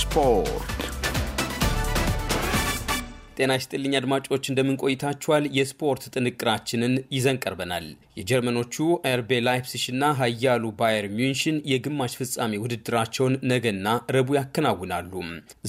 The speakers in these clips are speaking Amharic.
Spor. ጤና ይስጥልኝ አድማጮች፣ እንደምንቆይታችኋል። የስፖርት ጥንቅራችንን ይዘን ቀርበናል። የጀርመኖቹ ኤርቤ ላይፕሲሽ እና ሀያሉ ባየር ሚንሽን የግማሽ ፍጻሜ ውድድራቸውን ነገና ረቡዕ ያከናውናሉ።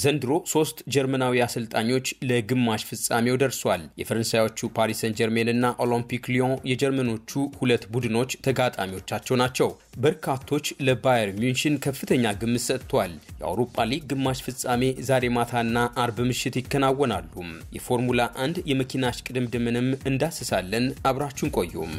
ዘንድሮ ሶስት ጀርመናዊ አሰልጣኞች ለግማሽ ፍጻሜው ደርሷል። የፈረንሳዮቹ ፓሪስ ጀርሜን እና ኦሎምፒክ ሊዮን የጀርመኖቹ ሁለት ቡድኖች ተጋጣሚዎቻቸው ናቸው። በርካቶች ለባየር ሚንሽን ከፍተኛ ግምት ሰጥቷል። የአውሮፓ ሊግ ግማሽ ፍጻሜ ዛሬ ማታና አርብ ምሽት ይከናወናሉ። የፎርሙላ አንድ የመኪና እሽቅድምድምንም እንዳስሳለን። አብራችሁን ቆዩም።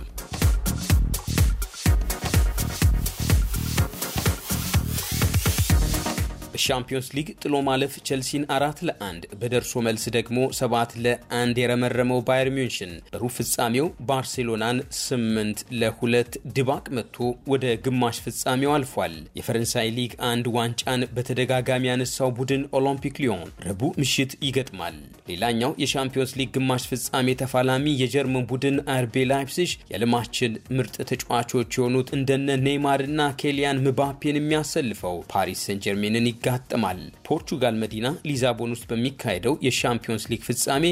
በሻምፒዮንስ ሊግ ጥሎ ማለፍ ቼልሲን አራት ለአንድ በደርሶ መልስ ደግሞ ሰባት ለአንድ የረመረመው ባየር ሚንሽን በሩብ ፍጻሜው ባርሴሎናን ስምንት ለሁለት ድባቅ መጥቶ ወደ ግማሽ ፍጻሜው አልፏል። የፈረንሳይ ሊግ አንድ ዋንጫን በተደጋጋሚ ያነሳው ቡድን ኦሎምፒክ ሊዮን ረቡዕ ምሽት ይገጥማል። ሌላኛው የሻምፒዮንስ ሊግ ግማሽ ፍጻሜ ተፋላሚ የጀርመን ቡድን አርቤ ላይፕሲሽ የዓለማችን ምርጥ ተጫዋቾች የሆኑት እንደነ ኔይማርና ኬሊያን ምባፔን የሚያሰልፈው ፓሪስ ሰን ጀርሜንን ይጋ ያጋጥማል። ፖርቹጋል መዲና ሊዛቦን ውስጥ በሚካሄደው የሻምፒዮንስ ሊግ ፍጻሜ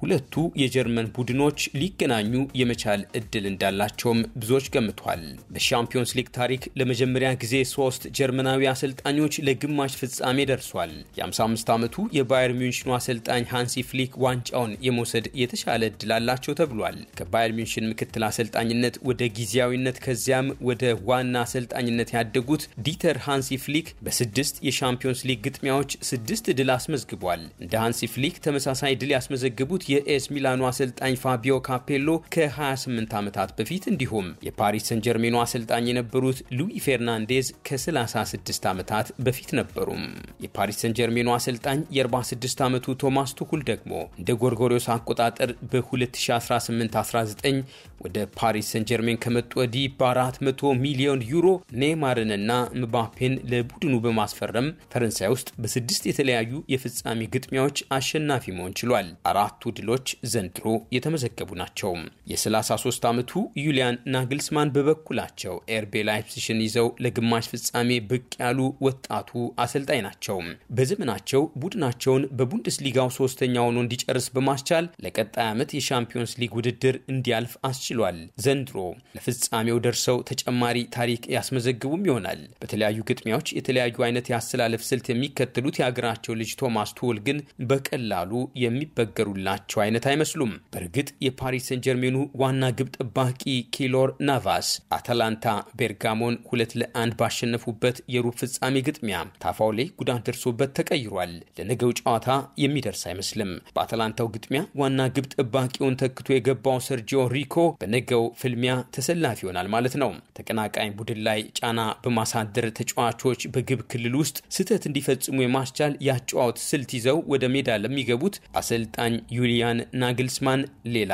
ሁለቱ የጀርመን ቡድኖች ሊገናኙ የመቻል እድል እንዳላቸውም ብዙዎች ገምቷል። በሻምፒዮንስ ሊግ ታሪክ ለመጀመሪያ ጊዜ ሶስት ጀርመናዊ አሰልጣኞች ለግማሽ ፍጻሜ ደርሷል። የ55 ዓመቱ የባየር ሚንሽኑ አሰልጣኝ ሃንሲ ፍሊክ ዋንጫውን የመውሰድ የተሻለ እድል አላቸው ተብሏል። ከባየር ሚንሽን ምክትል አሰልጣኝነት ወደ ጊዜያዊነት ከዚያም ወደ ዋና አሰልጣኝነት ያደጉት ዲተር ሃንሲ ፍሊክ በስድስት የሻምፒዮንስ ሊግ ግጥሚያዎች ስድስት ድል አስመዝግቧል። እንደ ሃንሲ ፍሊክ ተመሳሳይ ድል ያስመዘግቡት የኤስ ሚላኑ አሰልጣኝ ፋቢዮ ካፔሎ ከ28 ዓመታት በፊት እንዲሁም የፓሪስ ሰን ጀርሜኑ አሰልጣኝ የነበሩት ሉዊ ፌርናንዴዝ ከ36 ዓመታት በፊት ነበሩም። የፓሪስ ሰን ጀርሜኑ አሰልጣኝ የ46 ዓመቱ ቶማስ ቱኩል ደግሞ እንደ ጎርጎሪዮስ አቆጣጠር በ2018/19 ወደ ፓሪስ ሰን ጀርሜን ከመጡ ወዲህ በ400 ሚሊዮን ዩሮ ኔይማርንና ምባፔን ለቡድኑ በማስፈረም ፈረንሳይ ውስጥ በስድስት የተለያዩ የፍጻሜ ግጥሚያዎች አሸናፊ መሆን ችሏል። አራቱ ድሎች ዘንድሮ የተመዘገቡ ናቸው። የ33 ዓመቱ ዩሊያን ናግልስማን በበኩላቸው ኤርቤ ላይፕሲሽን ይዘው ለግማሽ ፍጻሜ ብቅ ያሉ ወጣቱ አሰልጣኝ ናቸው። በዘመናቸው ቡድናቸውን በቡንደስሊጋው ሶስተኛ ሆኖ እንዲጨርስ በማስቻል ለቀጣይ ዓመት የሻምፒዮንስ ሊግ ውድድር እንዲያልፍ አስችሏል። ዘንድሮ ለፍጻሜው ደርሰው ተጨማሪ ታሪክ ያስመዘግቡም ይሆናል። በተለያዩ ግጥሚያዎች የተለያዩ አይነት የአሰላለፍ ስልት የሚከተሉት የሀገራቸው ልጅ ቶማስ ቱል ግን በቀላሉ የሚበገሩላቸው ያላቸው አይነት አይመስሉም። በእርግጥ የፓሪስ ሴን ጀርሜኑ ዋና ግብ ጠባቂ ኪሎር ናቫስ አታላንታ ቤርጋሞን ሁለት ለአንድ ባሸነፉበት የሩብ ፍጻሜ ግጥሚያ ታፋውሌ ጉዳት ደርሶበት ተቀይሯል። ለነገው ጨዋታ የሚደርስ አይመስልም። በአታላንታው ግጥሚያ ዋና ግብ ጠባቂውን ተክቶ የገባው ሰርጂዮ ሪኮ በነገው ፍልሚያ ተሰላፊ ይሆናል ማለት ነው። ተቀናቃኝ ቡድን ላይ ጫና በማሳደር ተጫዋቾች በግብ ክልል ውስጥ ስህተት እንዲፈጽሙ የማስቻል የአጨዋወት ስልት ይዘው ወደ ሜዳ ለሚገቡት አሰልጣኝ ዩሪ ጁሊያን ናግልስማን ሌላ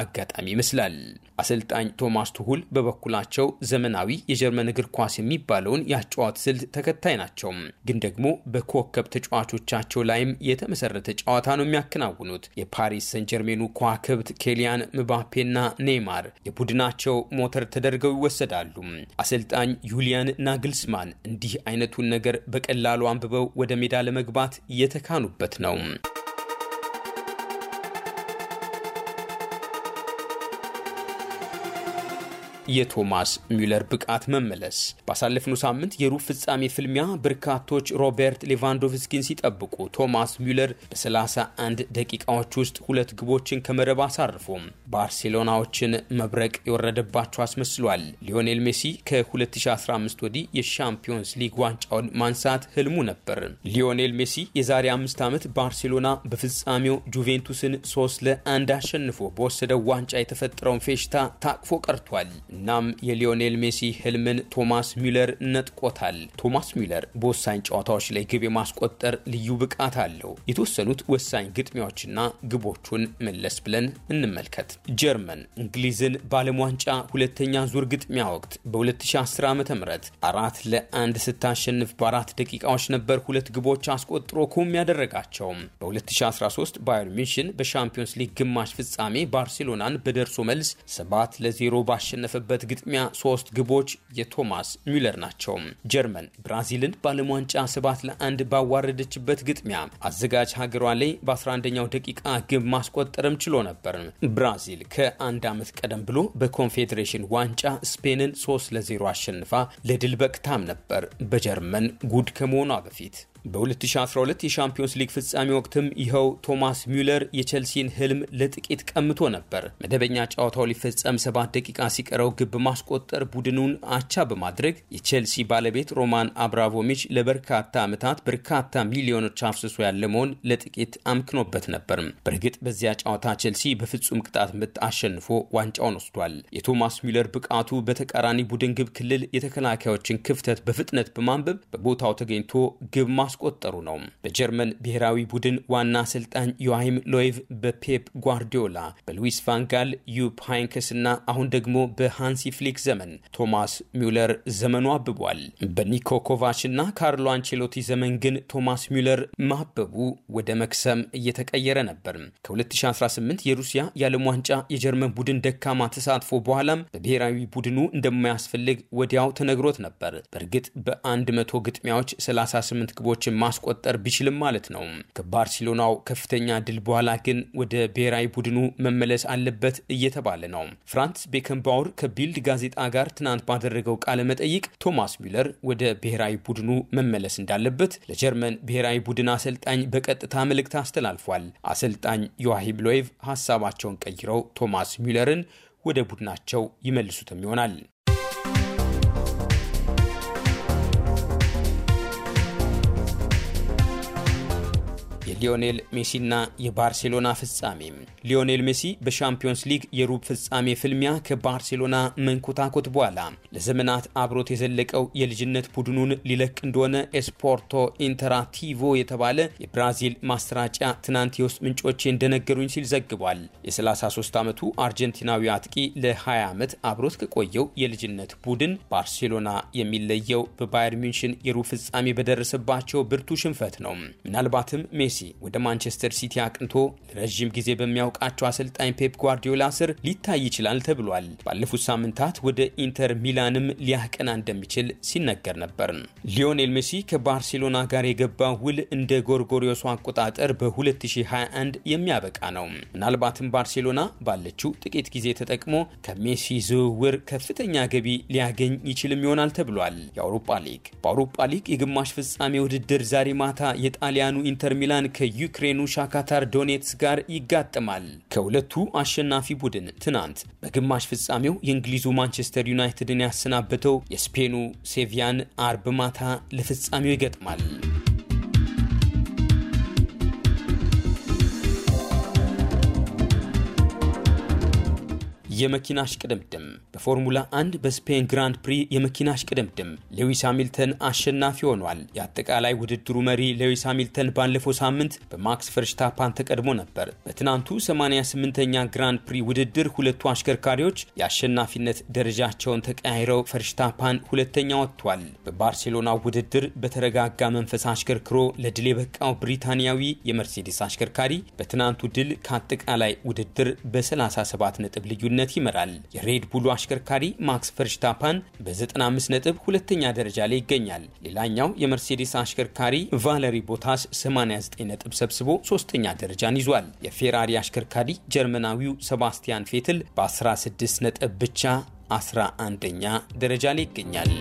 አጋጣሚ ይመስላል። አሰልጣኝ ቶማስ ቱሁል በበኩላቸው ዘመናዊ የጀርመን እግር ኳስ የሚባለውን የአጨዋወት ስልት ተከታይ ናቸው። ግን ደግሞ በኮከብ ተጫዋቾቻቸው ላይም የተመሰረተ ጨዋታ ነው የሚያከናውኑት። የፓሪስ ሰን ጀርሜኑ ከዋክብት ኬሊያን ምባፔና ኔይማር የቡድናቸው ሞተር ተደርገው ይወሰዳሉ። አሰልጣኝ ዩሊያን ናግልስማን እንዲህ አይነቱን ነገር በቀላሉ አንብበው ወደ ሜዳ ለመግባት እየተካኑበት ነው። የቶማስ ሚለር ብቃት መመለስ ባሳለፍነው ሳምንት የሩብ ፍጻሜ ፍልሚያ በርካቶች ሮቤርት ሌቫንዶቭስኪን ሲጠብቁ ቶማስ ሚለር በ31 ደቂቃዎች ውስጥ ሁለት ግቦችን ከመረብ አሳርፎ ባርሴሎናዎችን መብረቅ የወረደባቸው አስመስሏል። ሊዮኔል ሜሲ ከ2015 ወዲህ የሻምፒዮንስ ሊግ ዋንጫውን ማንሳት ህልሙ ነበር። ሊዮኔል ሜሲ የዛሬ አምስት ዓመት ባርሴሎና በፍጻሜው ጁቬንቱስን ለ 1 አሸንፎ በወሰደው ዋንጫ የተፈጠረውን ፌሽታ ታቅፎ ቀርቷል። እናም የሊዮኔል ሜሲ ህልምን ቶማስ ሚለር ነጥቆታል። ቶማስ ሚለር በወሳኝ ጨዋታዎች ላይ ግብ የማስቆጠር ልዩ ብቃት አለው። የተወሰኑት ወሳኝ ግጥሚያዎችና ግቦቹን መለስ ብለን እንመልከት። ጀርመን እንግሊዝን በዓለም ዋንጫ ሁለተኛ ዙር ግጥሚያ ወቅት በ2010 ዓ ም አራት ለአንድ ስታሸንፍ በአራት ደቂቃዎች ነበር ሁለት ግቦች አስቆጥሮ ኩም ያደረጋቸውም። በ2013 ባየር ሚንሽን በሻምፒዮንስ ሊግ ግማሽ ፍጻሜ ባርሴሎናን በደርሶ መልስ 7 ለ0 ባሸነፈ በተደረገበት ግጥሚያ ሶስት ግቦች የቶማስ ሚለር ናቸው። ጀርመን ብራዚልን በዓለም ዋንጫ ሰባት ለአንድ ባዋረደችበት ግጥሚያ አዘጋጅ ሀገሯ ላይ በ11ኛው ደቂቃ ግብ ማስቆጠርም ችሎ ነበር። ብራዚል ከአንድ ዓመት ቀደም ብሎ በኮንፌዴሬሽን ዋንጫ ስፔንን 3 ለዜሮ አሸንፋ ለድል በቅታም ነበር በጀርመን ጉድ ከመሆኗ በፊት በ2012 የሻምፒዮንስ ሊግ ፍጻሜ ወቅትም ይኸው ቶማስ ሚለር የቸልሲን ህልም ለጥቂት ቀምቶ ነበር። መደበኛ ጨዋታው ሊፈጸም ሰባት ደቂቃ ሲቀረው ግብ ማስቆጠር ቡድኑን አቻ በማድረግ የቼልሲ ባለቤት ሮማን አብራቮሚች ለበርካታ ዓመታት በርካታ ሚሊዮኖች አፍስሶ ያለመሆን ለጥቂት አምክኖበት ነበር። በእርግጥ በዚያ ጨዋታ ቼልሲ በፍጹም ቅጣት ምት አሸንፎ ዋንጫውን ወስዷል። የቶማስ ሚለር ብቃቱ በተቃራኒ ቡድን ግብ ክልል የተከላካዮችን ክፍተት በፍጥነት በማንበብ በቦታው ተገኝቶ ግብ ማስ ማስቆጠሩ ነው። በጀርመን ብሔራዊ ቡድን ዋና አሰልጣኝ ዮሃይም ሎይቭ በፔፕ ጓርዲዮላ፣ በሉዊስ ቫንጋል፣ ዩፕ ሃይንክስ እና አሁን ደግሞ በሃንሲ ፍሊክ ዘመን ቶማስ ሚውለር ዘመኑ አብቧል። በኒኮ ኮቫች እና ካርሎ አንቼሎቲ ዘመን ግን ቶማስ ሚውለር ማበቡ ወደ መክሰም እየተቀየረ ነበር። ከ2018 የሩሲያ የዓለም ዋንጫ የጀርመን ቡድን ደካማ ተሳትፎ በኋላም በብሔራዊ ቡድኑ እንደማያስፈልግ ወዲያው ተነግሮት ነበር። በእርግጥ በ100 ግጥሚያዎች 38 ግቦች ግቦችን ማስቆጠር ቢችልም ማለት ነው። ከባርሴሎናው ከፍተኛ ድል በኋላ ግን ወደ ብሔራዊ ቡድኑ መመለስ አለበት እየተባለ ነው። ፍራንስ ቤከንባወር ከቢልድ ጋዜጣ ጋር ትናንት ባደረገው ቃለ መጠይቅ ቶማስ ሚለር ወደ ብሔራዊ ቡድኑ መመለስ እንዳለበት ለጀርመን ብሔራዊ ቡድን አሰልጣኝ በቀጥታ መልእክት አስተላልፏል። አሰልጣኝ ዮዋሂም ሎይቭ ሀሳባቸውን ቀይረው ቶማስ ሚለርን ወደ ቡድናቸው ይመልሱትም ይሆናል። የሊዮኔል ሜሲና የባርሴሎና ፍጻሜ። ሊዮኔል ሜሲ በሻምፒዮንስ ሊግ የሩብ ፍጻሜ ፍልሚያ ከባርሴሎና መንኮታኮት በኋላ ለዘመናት አብሮት የዘለቀው የልጅነት ቡድኑን ሊለቅ እንደሆነ ኤስፖርቶ ኢንተራቲቮ የተባለ የብራዚል ማሰራጫ ትናንት የውስጥ ምንጮቼ እንደነገሩኝ ሲል ዘግቧል። የ33 ዓመቱ አርጀንቲናዊ አጥቂ ለ20 ዓመት አብሮት ከቆየው የልጅነት ቡድን ባርሴሎና የሚለየው በባየር ሚንሽን የሩብ ፍጻሜ በደረሰባቸው ብርቱ ሽንፈት ነው። ምናልባትም ሜሲ ወደ ማንቸስተር ሲቲ አቅንቶ ለረዥም ጊዜ በሚያውቃቸው አሰልጣኝ ፔፕ ጓርዲዮላ ስር ሊታይ ይችላል ተብሏል። ባለፉት ሳምንታት ወደ ኢንተር ሚላንም ሊያቀና እንደሚችል ሲነገር ነበር። ሊዮኔል ሜሲ ከባርሴሎና ጋር የገባው ውል እንደ ጎርጎሪዮሱ አቆጣጠር በ2021 የሚያበቃ ነው። ምናልባትም ባርሴሎና ባለችው ጥቂት ጊዜ ተጠቅሞ ከሜሲ ዝውውር ከፍተኛ ገቢ ሊያገኝ ይችልም ይሆናል ተብሏል። የአውሮፓ ሊግ በአውሮፓ ሊግ የግማሽ ፍጻሜ ውድድር ዛሬ ማታ የጣሊያኑ ኢንተር ሚላን ከዩክሬኑ ሻካታር ዶኔትስ ጋር ይጋጥማል። ከሁለቱ አሸናፊ ቡድን ትናንት በግማሽ ፍጻሜው የእንግሊዙ ማንቸስተር ዩናይትድን ያሰናበተው የስፔኑ ሴቪያን አርብ ማታ ለፍጻሜው ይገጥማል። የመኪና ሽቅድምድም በፎርሙላ አንድ በስፔን ግራንድ ፕሪ የመኪና እሽቅድምድም ሌዊስ ሃሚልተን አሸናፊ ሆኗል። የአጠቃላይ ውድድሩ መሪ ሌዊስ ሃሚልተን ባለፈው ሳምንት በማክስ ፈርሽታፓን ተቀድሞ ነበር። በትናንቱ 88ኛ ግራንድ ፕሪ ውድድር ሁለቱ አሽከርካሪዎች የአሸናፊነት ደረጃቸውን ተቀያይረው ፈርሽታፓን ሁለተኛ ወጥቷል። በባርሴሎና ውድድር በተረጋጋ መንፈስ አሽከርክሮ ለድል የበቃው ብሪታንያዊ የመርሴዴስ አሽከርካሪ በትናንቱ ድል ከአጠቃላይ ውድድር በ37 ነጥብ ልዩነት ይመራል። የሬድ ቡሉ አሽከርካሪ ማክስ ፈርሽታፓን በ95 ነጥብ ሁለተኛ ደረጃ ላይ ይገኛል። ሌላኛው የመርሴዲስ አሽከርካሪ ቫለሪ ቦታስ 89 ነጥብ ሰብስቦ ሶስተኛ ደረጃን ይዟል። የፌራሪ አሽከርካሪ ጀርመናዊው ሰባስቲያን ፌትል በ16 ነጥብ ብቻ 11ኛ ደረጃ ላይ ይገኛል።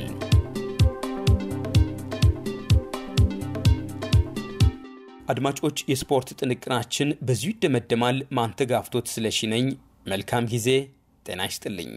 አድማጮች፣ የስፖርት ጥንቅራችን በዚሁ ይደመደማል። ማንተጋፍቶት ስለሺ ነኝ። መልካም ጊዜ። ጤና ይስጥልኝ።